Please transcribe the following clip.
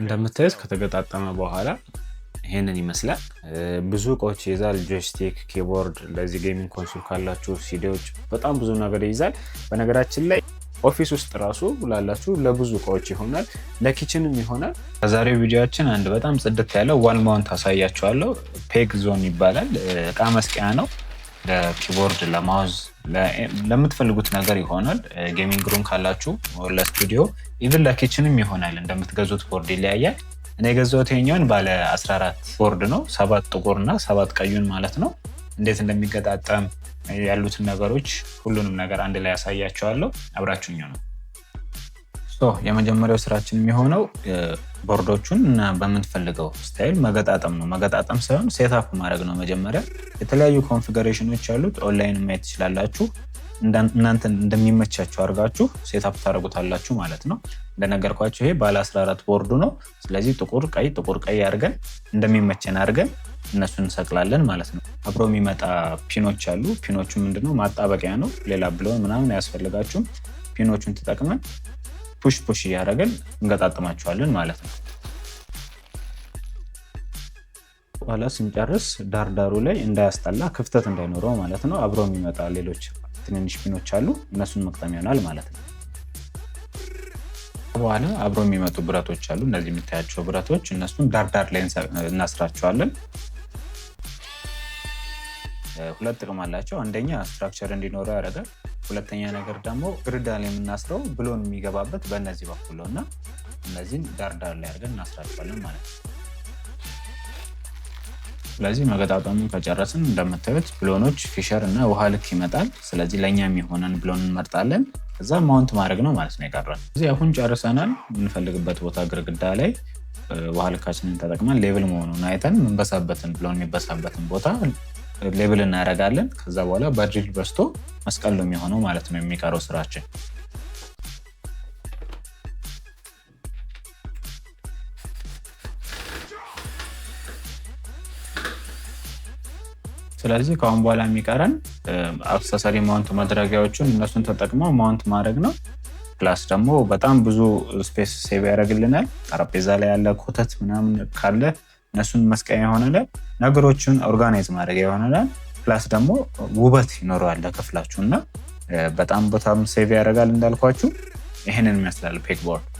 እንደምታዩት ከተገጣጠመ በኋላ ይሄንን ይመስላል። ብዙ እቃዎች ይይዛል። ጆይስቲክ፣ ኪቦርድ፣ ለዚህ ጌሚንግ ኮንሶል ካላችሁ ሲዲዎች፣ በጣም ብዙ ነገር ይይዛል። በነገራችን ላይ ኦፊስ ውስጥ ራሱ ላላችሁ ለብዙ እቃዎች ይሆናል፣ ለኪችንም ይሆናል። ከዛሬው ቪዲዮችን አንድ በጣም ጽድት ያለው ዋል ማውንት አሳያችኋለሁ። ፔግ ዞን ይባላል። እቃ መስቀያ ነው። ለኪቦርድ ለማውዝ ለምትፈልጉት ነገር ይሆናል። ጌሚንግ ሩም ካላችሁ ለስቱዲዮ ኢቭን ለኪችንም ይሆናል። እንደምትገዙት ቦርድ ይለያያል። እኔ የገዛሁት የኛውን ባለ 14 ቦርድ ነው። ሰባት ጥቁር እና ሰባት ቀዩን ማለት ነው። እንዴት እንደሚገጣጠም ያሉትን ነገሮች ሁሉንም ነገር አንድ ላይ ያሳያቸዋለሁ። አብራችሁኝ ነው የመጀመሪያው ስራችን የሚሆነው ቦርዶቹን እና በምንፈልገው ስታይል መገጣጠም ነው። መገጣጠም ሳይሆን ሴታፕ ማድረግ ነው። መጀመሪያ የተለያዩ ኮንፊገሬሽኖች ያሉት ኦንላይን ማየት ትችላላችሁ። እናንተ እንደሚመቻችሁ አድርጋችሁ ሴታፕ ታደርጉታላችሁ ማለት ነው። እንደነገርኳቸው ይሄ ባለ 14 ቦርዱ ነው። ስለዚህ ጥቁር ቀይ፣ ጥቁር ቀይ አድርገን እንደሚመቸን አድርገን እነሱን እንሰቅላለን ማለት ነው። አብሮ የሚመጣ ፒኖች አሉ። ፒኖቹ ምንድነው ማጣበቂያ ነው። ሌላ ብለው ምናምን አያስፈልጋችሁም። ፒኖቹን ተጠቅመን ፑሽ ፑሽ እያደረግን እንገጣጥማቸዋለን ማለት ነው። በኋላ ስንጨርስ ዳርዳሩ ላይ እንዳያስጠላ ክፍተት እንዳይኖረው ማለት ነው። አብሮ የሚመጣ ሌሎች ትንንሽ ፒኖች አሉ። እነሱን መቅጠም ይሆናል ማለት ነው። በኋላ አብሮ የሚመጡ ብረቶች አሉ። እነዚህ የምታያቸው ብረቶች እነሱን ዳርዳር ላይ እናስራቸዋለን። ሁለት ጥቅም አላቸው። አንደኛ ስትራክቸር እንዲኖረው ያደርጋል። ሁለተኛ ነገር ደግሞ ግርዳ ላይ የምናስረው ብሎን የሚገባበት በእነዚህ በኩል ነው እና እነዚህን ዳርዳር ላይ አድርገን እናስራቸዋለን ማለት ነው። ስለዚህ መገጣጠሙን ከጨረስን እንደምታዩት ብሎኖች ፊሸር እና ውሃ ልክ ይመጣል። ስለዚህ ለእኛ የሚሆነን ብሎን እንመርጣለን። ከዛ ማውንት ማድረግ ነው ማለት ነው የቀረን። እዚህ አሁን ጨርሰናል። የምንፈልግበት ቦታ ግርግዳ ላይ ውሃ ልካችንን ተጠቅመን ሌብል መሆኑን አይተን የምንበሳበትን ብሎን የሚበሳበትን ቦታ ሌብል እናደርጋለን። ከዛ በኋላ በድሪል በስቶ መስቀል ነው የሚሆነው ማለት ነው የሚቀረው ስራችን። ስለዚህ ከአሁን በኋላ የሚቀረን አክሰሰሪ ማውንት ማድረጊያዎቹን እነሱን ተጠቅመው ማውንት ማድረግ ነው። ፕላስ ደግሞ በጣም ብዙ ስፔስ ሴቭ ያደርግልናል። ጠረጴዛ ላይ ያለ ኮተት ምናምን ካለ እነሱን መስቀያ ይሆናል። ነገሮችን ኦርጋናይዝ ማድረግ ይሆናል። ፕላስ ደግሞ ውበት ይኖረዋል ለክፍላችሁ እና በጣም ቦታም ሴቭ ያደርጋል እንዳልኳችሁ ይህንን ይመስላል ፔክቦርድ።